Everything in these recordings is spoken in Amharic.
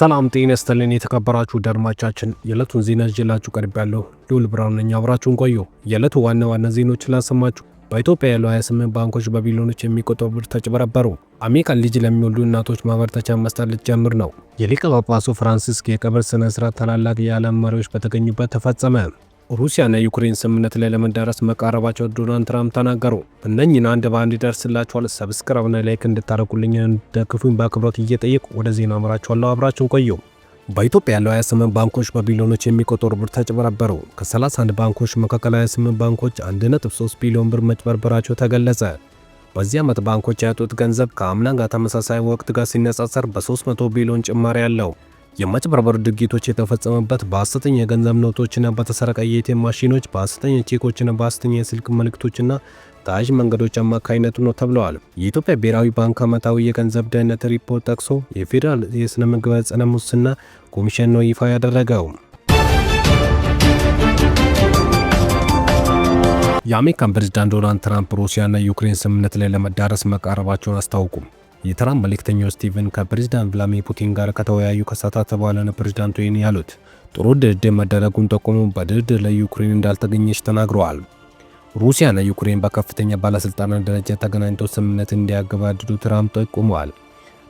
ሰላም ጤና ይስጥልን የተከበራችሁ ደርማቻችን የዕለቱን ዜና ይዤላችሁ ቀርቤያለሁ። ልዑል ብርሃኑ ነኝ። አብራችሁን ቆዩ። የዕለቱ ዋና ዋና ዜናዎችን ላሰማችሁ። በኢትዮጵያ ያሉ 28 ባንኮች በቢሊዮኖች የሚቆጠሩ ብር ተጭበረበሩ። አሜሪካ ልጅ ለሚወልዱ እናቶች ማበረታቻ መስጠት ልትጀምር ነው። የሊቀ ጳጳሱ ፍራንሲስ የቀብር ስነ ስርዓት ታላላቅ የዓለም መሪዎች በተገኙበት ተፈጸመ። ሩሲያና ዩክሬን ስምምነት ላይ ለመዳረስ መቃረባቸው ዶናልድ ትራምፕ ተናገሩ። እነኝን አንድ በአንድ ይደርስላችኋል። ሰብስክራብና ላይክ እንድታደርጉልኝ እንደክፉኝ በአክብሮት እየጠየቁ ወደ ዜና አምራችኋለሁ። አብራችሁን ቆዩ። በኢትዮጵያ ያለው 28 ባንኮች በቢሊዮኖች የሚቆጠሩ ብር ተጭበረበሩ። ከ31 ባንኮች መካከል 28 ባንኮች 1.3 ቢሊዮን ብር መጭበርበራቸው ተገለጸ። በዚህ ዓመት ባንኮች ያጡት ገንዘብ ከአምና ጋር ተመሳሳይ ወቅት ጋር ሲነጻጸር በ300 ቢሊዮን ጭማሪ አለው። የማጭበርበር ድርጊቶች የተፈጸመበት በሐሰተኛ የገንዘብ ኖቶችና በተሰረቀ የኤቲኤም ማሽኖች፣ በሐሰተኛ ቼኮችና በሐሰተኛ የስልክ መልእክቶችና ተያዥ መንገዶች አማካኝነት ነው ተብለዋል። የኢትዮጵያ ብሔራዊ ባንክ ዓመታዊ የገንዘብ ደህንነት ሪፖርት ጠቅሶ የፌዴራል የሥነ ምግባር ጸረ ሙስና ኮሚሽን ነው ይፋ ያደረገው። የአሜሪካን ፕሬዝዳንት ዶናልድ ትራምፕ ሩሲያና ዩክሬን ስምምነት ላይ ለመዳረስ መቃረባቸውን አስታውቁም። የትራምፕ መልእክተኛው ስቲቨን ከፕሬዝዳንት ቭላድሚር ፑቲን ጋር ከተወያዩ ከሰዓታት በኋላ ነው ፕሬዚዳንቱ ይህን ያሉት። ጥሩ ድርድር መደረጉን ጠቁሞ በድርድር ላይ ዩክሬን እንዳልተገኘች ተናግረዋል። ሩሲያና ዩክሬን በከፍተኛ ባለስልጣናት ደረጃ ተገናኝተው ስምምነት እንዲያገባድዱ ትራምፕ ጠቁመዋል።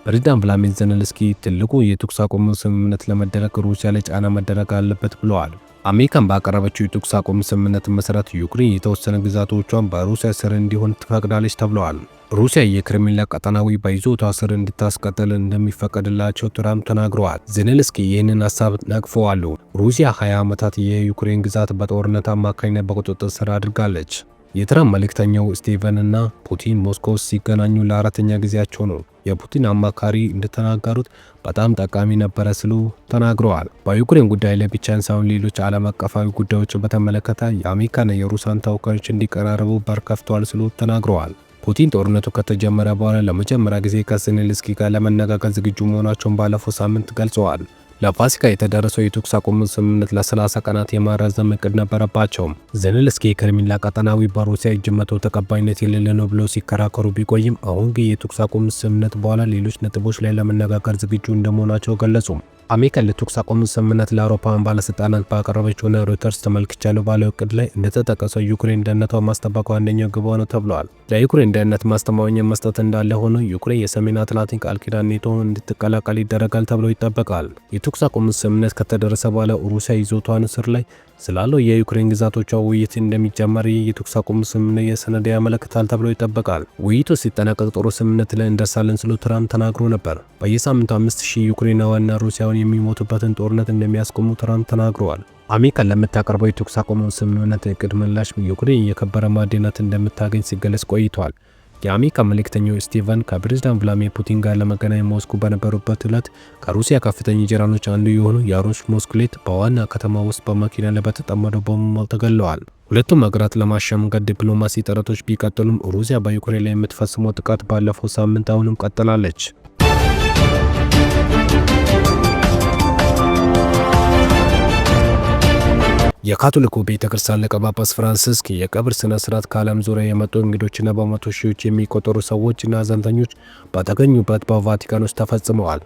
ፕሬዚዳንት ቭላድሚር ዘለንስኪ ትልቁ የተኩስ አቁም ስምምነት ለመደረግ ሩሲያ ላይ ጫና መደረግ አለበት ብለዋል። አሜሪካን ባቀረበችው የተኩስ አቁም ስምምነት መሰረት ዩክሬን የተወሰነ ግዛቶቿን በሩሲያ ስር እንዲሆን ትፈቅዳለች ተብለዋል። ሩሲያ የክሬምሊን ቀጠናዊ በይዞታ ስር እንድታስቀጥል እንደሚፈቀድላቸው ትራምፕ ተናግረዋል። ዜሌንስኪ ይህንን ሀሳብ ነቅፈዋሉ። ሩሲያ 20 ዓመታት የዩክሬን ግዛት በጦርነት አማካኝነት በቁጥጥር ስር አድርጋለች። የትራምፕ መልእክተኛው ስቴቨን እና ፑቲን ሞስኮ ሲገናኙ ለአራተኛ ጊዜያቸው ነው። የፑቲን አማካሪ እንደተናገሩት በጣም ጠቃሚ ነበረ ሲሉ ተናግረዋል። በዩክሬን ጉዳይ ላይ ብቻ ሳይሆን ሌሎች ዓለም አቀፋዊ ጉዳዮች በተመለከተ የአሜሪካና የሩሲያን ተወካዮች እንዲቀራረቡ በር ከፍተዋል ሲሉ ተናግረዋል። ፑቲን ጦርነቱ ከተጀመረ በኋላ ለመጀመሪያ ጊዜ ከዜሌንስኪ ጋር ለመነጋገር ዝግጁ መሆናቸውን ባለፈው ሳምንት ገልጸዋል። ለፋሲካ የተደረሰው የተኩስ አቁም ስምምነት ለ30 ቀናት የማራዘም እቅድ ነበረባቸው። ዜሌንስኪ ክሬምሊን ቀጠናዊ በሩሲያ እጅ መቶ ተቀባይነት የሌለ ነው ብለው ሲከራከሩ ቢቆይም አሁን ግን የተኩስ አቁም ስምምነት በኋላ ሌሎች ነጥቦች ላይ ለመነጋገር ዝግጁ እንደመሆናቸው ገለጹ። አሜሪካ ለተኩስ አቁም ስምምነት ለአውሮፓውያን ባለስልጣናት ባቀረበችው ሆነ ሮይተርስ ተመልክቻለሁ ባለው እቅድ ላይ እንደተጠቀሰው ዩክሬን ደህንነቷን ማስጠበቅ ዋነኛው ግብ ነው ተብሏል። ለዩክሬን ደህንነት ማስተማመኛ መስጠት እንዳለ ሆኖ ዩክሬን የሰሜን አትላንቲክ ቃል ኪዳን እንድትቀላቀል ይደረጋል ተብሎ ይጠበቃል። የተኩስ አቁም ስምምነት ከተደረሰ በኋላ ሩሲያ ይዞቷን ስር ላይ ስላለው የዩክሬን ግዛቶቿ ውይይት እንደሚጀመር ይህ የተኩስ አቁም ስምምነት የሰነድ ያመለክታል ተብሎ ይጠበቃል። ውይይቱ ሲጠናቀቅ ጥሩ ስምምነት ላይ እንደርሳለን ስሎ ትራምፕ ተናግሮ ነበር። በየሳምንቱ 5000 ዩክሬናውያንና ሩሲያውያን የሚሞቱበትን ጦርነት እንደሚያስቆሙ ትራምፕ ተናግረዋል። አሜሪካ ለምታቀርበው የተኩስ አቁም ስምምነት እቅድ ምላሽ ዩክሬን የከበረ ማዕድናት እንደምታገኝ ሲገለጽ ቆይተዋል። የአሜሪካ መልእክተኛው ስቲቨን ከፕሬዝዳንት ቭላዲሚር ፑቲን ጋር ለመገናኘት ሞስኮ በነበሩበት ዕለት ከሩሲያ ከፍተኛ ጀራኖች አንዱ የሆኑ ያሮስ ሞስኩሌት በዋና ከተማ ውስጥ በመኪና ላይ በተጠመደው ቦምብ ተገለዋል። ሁለቱም ሀገራት ለማሸምገድ ዲፕሎማሲ ጥረቶች ቢቀጥሉም ሩሲያ በዩክሬን ላይ የምትፈጽመው ጥቃት ባለፈው ሳምንት አሁንም ቀጥላለች። የካቶሊኩ ቤተ ክርስቲያን ሊቀ ጳጳስ ፍራንሲስክ የቀብር ስነ ስርዓት ከዓለም ዙሪያ የመጡ እንግዶችና በመቶ ሺዎች የሚቆጠሩ ሰዎችና ሀዘንተኞች በተገኙበት በቫቲካን ውስጥ ተፈጽመዋል።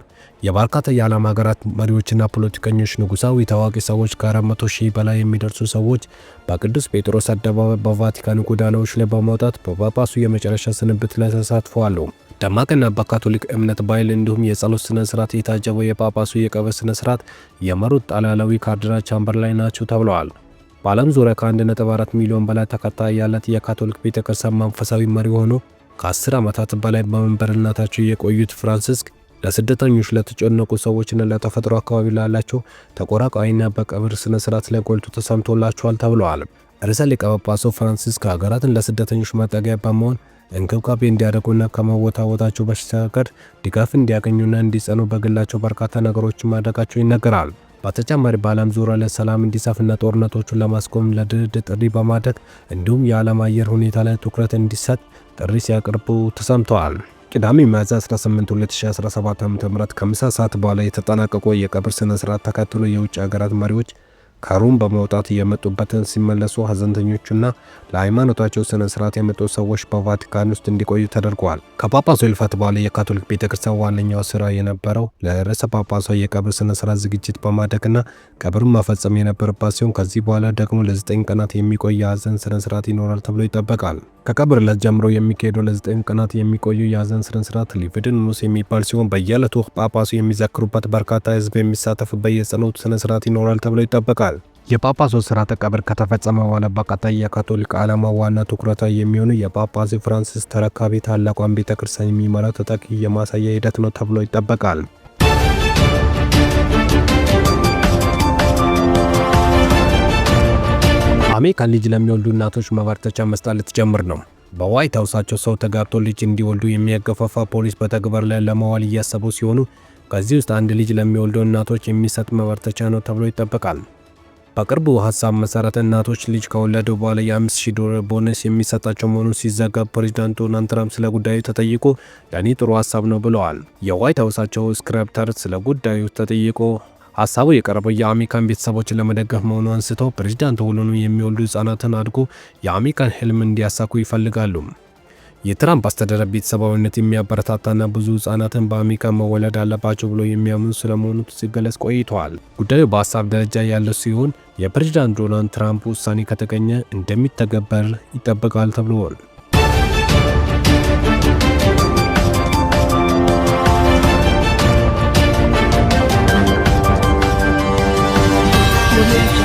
የበርካታ የዓለም ሀገራት መሪዎችና ፖለቲከኞች፣ ንጉሳዊ ታዋቂ ሰዎች ከ400 ሺህ በላይ የሚደርሱ ሰዎች በቅዱስ ጴጥሮስ አደባባይ በቫቲካን ጎዳናዎች ላይ በመውጣት በጳጳሱ የመጨረሻ ስንብት ላይ ተሳትፈዋል። ደማቅና በካቶሊክ እምነት ባይል እንዲሁም የጸሎት ስነ ስርዓት የታጀበው የጳጳሱ የቀብር ስነ ስርዓት የመሩት ጣሊያናዊ ካርዲናል ላይ ናቸው ተብለዋል። በዓለም ዙሪያ ከ1.4 ሚሊዮን በላይ ተከታይ ያላት የካቶሊክ ቤተክርስቲያን መንፈሳዊ መሪ ሆኖ ከ10 ዓመታት በላይ በመንበርነታቸው የቆዩት ፍራንሲስክ ለስደተኞች፣ ለተጨነቁ ሰዎችና ለተፈጥሮ አካባቢ ላላቸው ተቆራቋይና በቀብር ስነ ስርዓት ላይ ጎልቶ ተሰምቶላቸዋል ተብለዋል። ርዕሰ ሊቀ ጳጳሱ ፍራንሲስክ ሀገራትን ለስደተኞች መጠጊያ በመሆን እንክብካቤ እንዲያደርጉና ከመወታወታቸው በስተቀር ድጋፍ እንዲያገኙና እንዲጸኑ በግላቸው በርካታ ነገሮችን ማድረጋቸው ይነገራል። በተጨማሪ በዓለም ዙሪያ ለሰላም እንዲሰፍና ጦርነቶቹን ለማስቆም ለድርድር ጥሪ በማድረግ እንዲሁም የዓለም አየር ሁኔታ ላይ ትኩረት እንዲሰጥ ጥሪ ሲያቀርቡ ተሰምተዋል። ቅዳሜ ሚያዝያ 18 2017 ዓ.ም ከምሳ ሰዓት በኋላ የተጠናቀቀው የቀብር ስነ ስርዓት ተከትሎ የውጭ ሀገራት መሪዎች ከሮም በመውጣት እየመጡበትን ሲመለሱ ሀዘንተኞቹና ለሃይማኖታቸው ስነ ስርዓት የመጡ ሰዎች በቫቲካን ውስጥ እንዲቆዩ ተደርገዋል። ከጳጳሱ ሕልፈት በኋላ የካቶሊክ ቤተ ክርስቲያን ዋነኛው ስራ የነበረው ለርዕሰ ጳጳሷ የቀብር ስነ ስርዓት ዝግጅት በማድረግና ቀብርን መፈጸም የነበረባት ሲሆን ከዚህ በኋላ ደግሞ ለዘጠኝ ቀናት የሚቆይ የሀዘን ስነ ስርዓት ይኖራል ተብሎ ይጠበቃል። ከቀብር ዕለት ጀምሮ የሚካሄዱ ለዘጠኝ ቀናት የሚቆዩ የሀዘን ስነስርዓት ሥርዓት የሚባል ሲሆን በየዕለቱ ጳጳሱ የሚዘክሩበት፣ በርካታ ህዝብ የሚሳተፍበት የጸሎት ሥነ ይኖራል ተብሎ ይጠበቃል። የጳጳሱ ሥርዓተ ቀብር ከተፈጸመ በኋላ በቀጣይ የካቶሊክ ዓላማ ዋና ትኩረታ የሚሆኑ የጳጳስ ፍራንሲስ ተረካቢ ታላቋን ቤተ ክርስቲያን የሚመራ ተጠቂ የማሳያ ሂደት ነው ተብሎ ይጠበቃል። ፕሮግራሜ ከልጅ ለሚወልዱ እናቶች መበርተቻ መስጠት ልትጀምር ነው። በዋይት ሀውሳቸው ሰው ተጋብቶ ልጅ እንዲወልዱ የሚያገፋፋ ፖሊስ በተግባር ላይ ለማዋል እያሰቡ ሲሆኑ ከዚህ ውስጥ አንድ ልጅ ለሚወልዱ እናቶች የሚሰጥ መበርተቻ ነው ተብሎ ይጠበቃል። በቅርቡ ሀሳብ መሰረት እናቶች ልጅ ከወለዱ በኋላ የ5000 ዶላር ቦነስ የሚሰጣቸው መሆኑን ሲዘገብ ፕሬዚዳንት ዶናልድ ትራምፕ ስለ ጉዳዩ ተጠይቆ ለእኔ ጥሩ ሀሳብ ነው ብለዋል። የዋይት ሀውሳቸው ስክሪፕተር ስለ ጉዳዩ ተጠይቆ ሀሳቡ የቀረበው የአሜሪካን ቤተሰቦችን ለመደገፍ መሆኑ አንስተው ፕሬዚዳንት ሆኖ የሚወልዱ ህጻናትን አድጎ የአሜሪካን ህልም እንዲያሳኩ ይፈልጋሉ። የትራምፕ አስተዳደር ቤተሰባዊነት የሚያበረታታና ብዙ ህጻናትን በአሜሪካ መወለድ አለባቸው ብሎ የሚያምኑ ስለመሆኑ ሲገለጽ ቆይተዋል። ጉዳዩ በሀሳብ ደረጃ ያለ ሲሆን የፕሬዚዳንት ዶናልድ ትራምፕ ውሳኔ ከተገኘ እንደሚተገበር ይጠበቃል ተብሏል። Thank you.